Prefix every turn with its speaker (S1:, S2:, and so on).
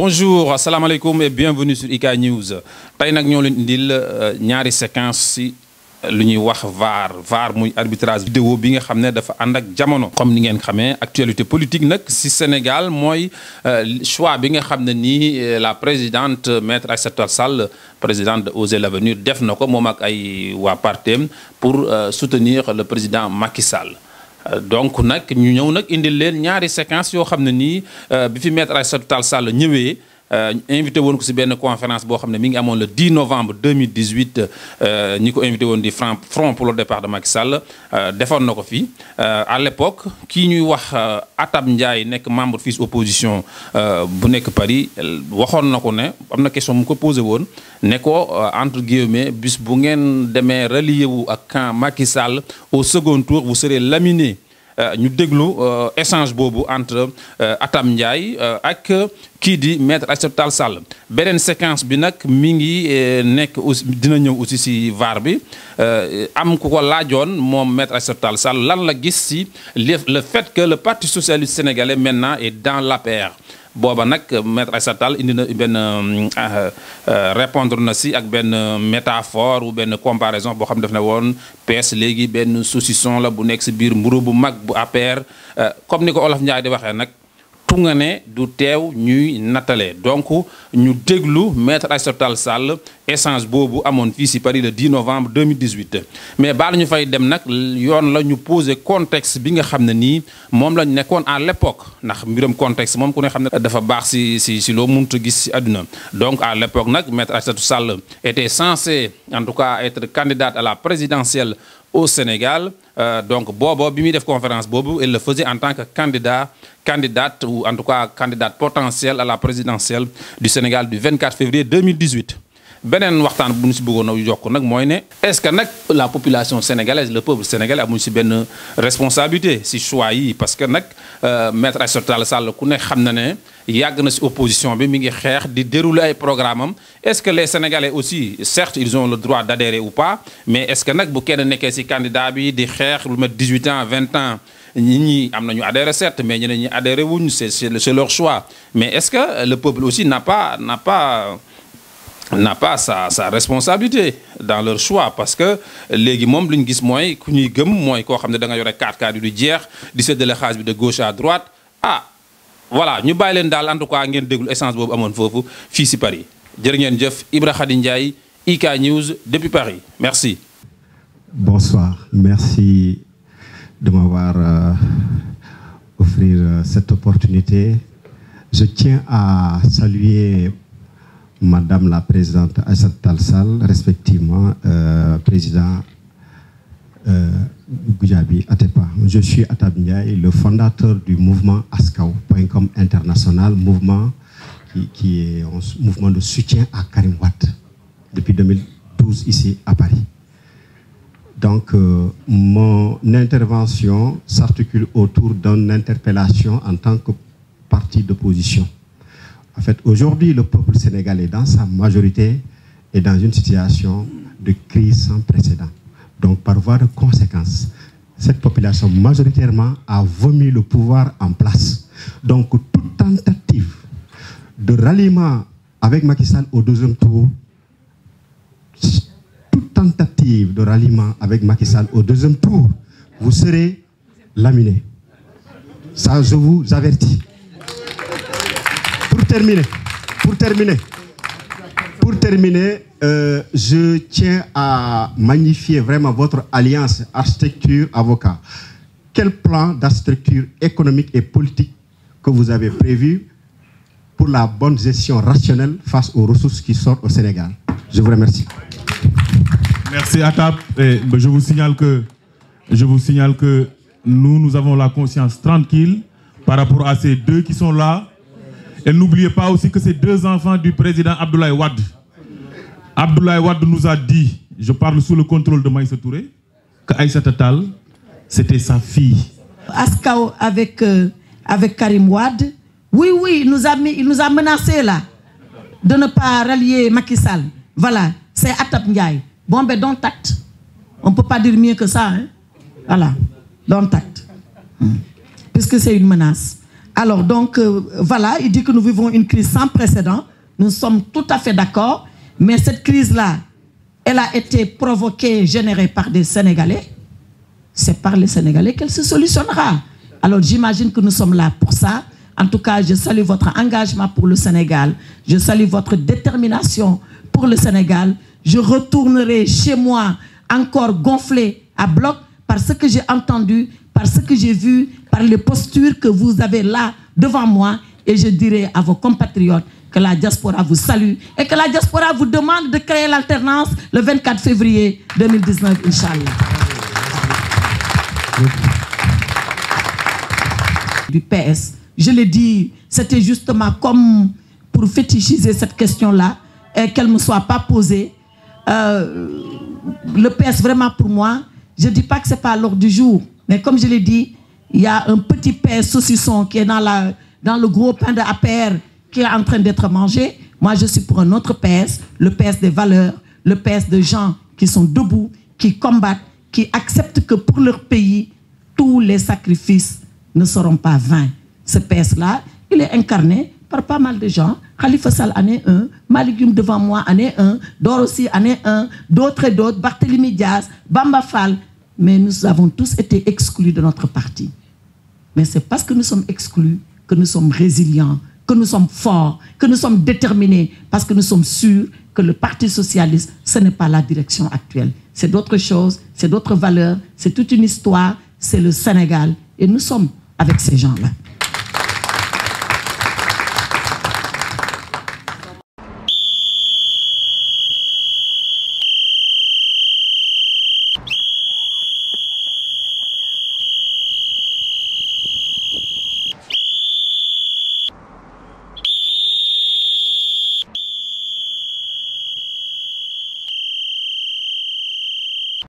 S1: bonjour asalaamaaleykum et bienvenue sur IK News tey nag ñoo leen indil euh, ñaari séquence si euh, lu ñuy wax VAR VAR muy arbitrage vidéo bi nga xam dafa ànd ak jamono comme ni ngeen xamee actualité politique nag si Sénégal mooy euh, choix bi nga xam ne la présidente maître Aïssata Sall présidente de Osez l'Avenir def na ko moom ay waa partem pour soutenir le président Macky Sall donc nag ñu ñëw nag indil leen ñaari séquence yoo xam ne nii euh, bi fi maître sa Tall Sall ñëwee Euh, invité won ko ci ben conférence bo xamné mi ngi amone le 10 novembre 2018 euh, ñi ko invité won di front pour le départ de Macky Sall euh, defoon nako fi euh à l'époque qui ñuy wax Atab Ndiaye nek membre fils opposition bu nek Paris waxon nako né amna question mu ko posé won né ko entre guillemets bis bu ngeen démé relier wu ak camp Macky Sall au second tour vous serez laminé euh, ñu déglu euh, échange bobu entre euh, Atam Ndiaye ak qui di maître acceptal sal benen une séquence bi nak mi ngi nek aussi dina ñew aussi ci VAR bi am ku ko lajone mom maître acceptal Tall lan la gis ci le fait que le parti socialiste sénégalais maintenant est dans la paix booba nag maître Aïssata Tall indi na benn euh, euh, répondre na si ak benn métaphore ou benn comparaison boo xam ne daf ne woon PS léegi benn saucisson la bu nekk si biir mburu bu mag bu APR euh, comme ni ko Olof Ndiaye di waxee nag Toungane du tew ñuy nattale donc ñu déglu maître Aïssata sal essence bobu amone fi ci Paris le 10 novembre 2018 mais baal ñu fay dem nag yoon la ñu poser contexte bi nga xamné ni mom lañ nekkoon à l'époque nak mbiram contexte mom ku ne xam dafa bax si si si loo mënut gis ci aduna donc à l'époque nag maître Aïssata sal était censé en tout cas être candidat à la présidentielle au Sénégal euh, donc Bobo bi mi def conférence bobu il le faisait en tant que candidat candidate ou en tout cas candidate potentielle à la présidentielle du Sénégal du 24 février 2018. Benen waxtan est-ce que la population sénégalaise le peuple sénégalais a ci une responsabilité si choix parce que euh maître à Tall Sall ku ne xam na a une na opposition bi mi ngi dérouler ay programme est-ce que les sénégalais aussi certes ils ont le droit d'adhérer ou pas mais est-ce que nous, bu kenn nekké ci candidat bi di 18 ans 20 ans ni ñi am adhéré certes mais ñeneen ñi adhéré wuñu c'est c'est leur choix mais est-ce que le peuple aussi n'a pas n'a pas n'a pas sa sa responsabilité dans leur choix parce que légui mom luñu gis moy ku ñuy gëm moy ko xam da nga yoré carte carte du jeex di séddale xaalis bi de gauche à droite ah voilà ñu bàyyi leen daal en tout cas ngeen déglu essence bobu amone fofu fi ci Paris jërë ngeen jëf Ibra Khady IK News depuis Paris merci.
S2: Bonsoir merci de m'avoir offert euh, offrir euh, cette opportunité. Je tiens à saluer Madame la Présidente Assad Talsal, respectivement euh, Président euh, Gujabi Atepa. Je suis Atab Ndiaye, le fondateur du mouvement Askao.com international, mouvement qui, est un mouvement de soutien à Karim Watt depuis 2012 ici à Paris. Donc, euh, mon intervention s'articule autour d'une interpellation en tant que parti d'opposition. En fait, aujourd'hui, le peuple sénégalais, dans sa majorité, est dans une situation de crise sans précédent. Donc, par voie de conséquence, cette population majoritairement a vomi le pouvoir en place. Donc, toute tentative de ralliement avec Macky Sall au deuxième tour tentative de ralliement avec Macky Sall au deuxième tour, vous serez laminé. Ça, je vous avertis. Pour terminer, pour terminer, pour terminer, euh, je tiens à magnifier vraiment votre alliance architecture-avocat. Quel plan d'architecture économique et politique que vous avez prévu pour la bonne gestion rationnelle face aux ressources qui sortent au Sénégal Je vous remercie.
S1: Merci Atap. je vous signale que je vous signale que nous, nous avons la conscience tranquille par rapport à ces deux qui sont là. Et n'oubliez pas aussi que ces deux enfants du président Abdoulaye Wade. Abdoulaye Wade nous a dit, je parle sous le contrôle de Maïssa Touré, que Aïssa Tatal, c'était sa fille.
S3: Askao euh, avec, Karim Wade, oui, oui, il nous a, mis, il nous a menacé là, de ne pas rallier Macky Sall. Voilà, c'est Atap Ndiaye. Bon, ben, don't tact. On ne peut pas dire mieux que ça. Hein? Voilà, don't tact. Hein. Puisque c'est une menace. Alors, donc, euh, voilà, il dit que nous vivons une crise sans précédent. Nous sommes tout à fait d'accord. Mais cette crise-là, elle a été provoquée, générée par des Sénégalais. C'est par les Sénégalais qu'elle se solutionnera. Alors, j'imagine que nous sommes là pour ça. En tout cas, je salue votre engagement pour le Sénégal. Je salue votre détermination pour le Sénégal je retournerai chez moi encore gonflé à bloc par ce que j'ai entendu, par ce que j'ai vu, par les postures que vous avez là devant moi. Et je dirai à vos compatriotes que la diaspora vous salue et que la diaspora vous demande de créer l'alternance le 24 février 2019, Inch'Allah. Du PS. Je l'ai dit, c'était justement comme pour fétichiser cette question-là, et qu'elle ne soit pas posée, euh, le PS, vraiment pour moi, je ne dis pas que ce n'est pas à l'ordre du jour, mais comme je l'ai dit, il y a un petit PS saucisson qui est dans, la, dans le gros pain de qui est en train d'être mangé. Moi, je suis pour un autre PS, le PS des valeurs, le PS de gens qui sont debout, qui combattent, qui acceptent que pour leur pays, tous les sacrifices ne seront pas vains. Ce PS-là, il est incarné par pas mal de gens Khalifa Sall, année 1, Maligum devant moi, année 1, Dorossi, année 1, d'autres et d'autres, Barthélémy Diaz, Bamba Fall. Mais nous avons tous été exclus de notre parti. Mais c'est parce que nous sommes exclus que nous sommes résilients, que nous sommes forts, que nous sommes déterminés, parce que nous sommes sûrs que le Parti socialiste, ce n'est pas la direction actuelle. C'est d'autres choses, c'est d'autres valeurs, c'est toute une histoire, c'est le Sénégal. Et nous sommes avec ces gens-là.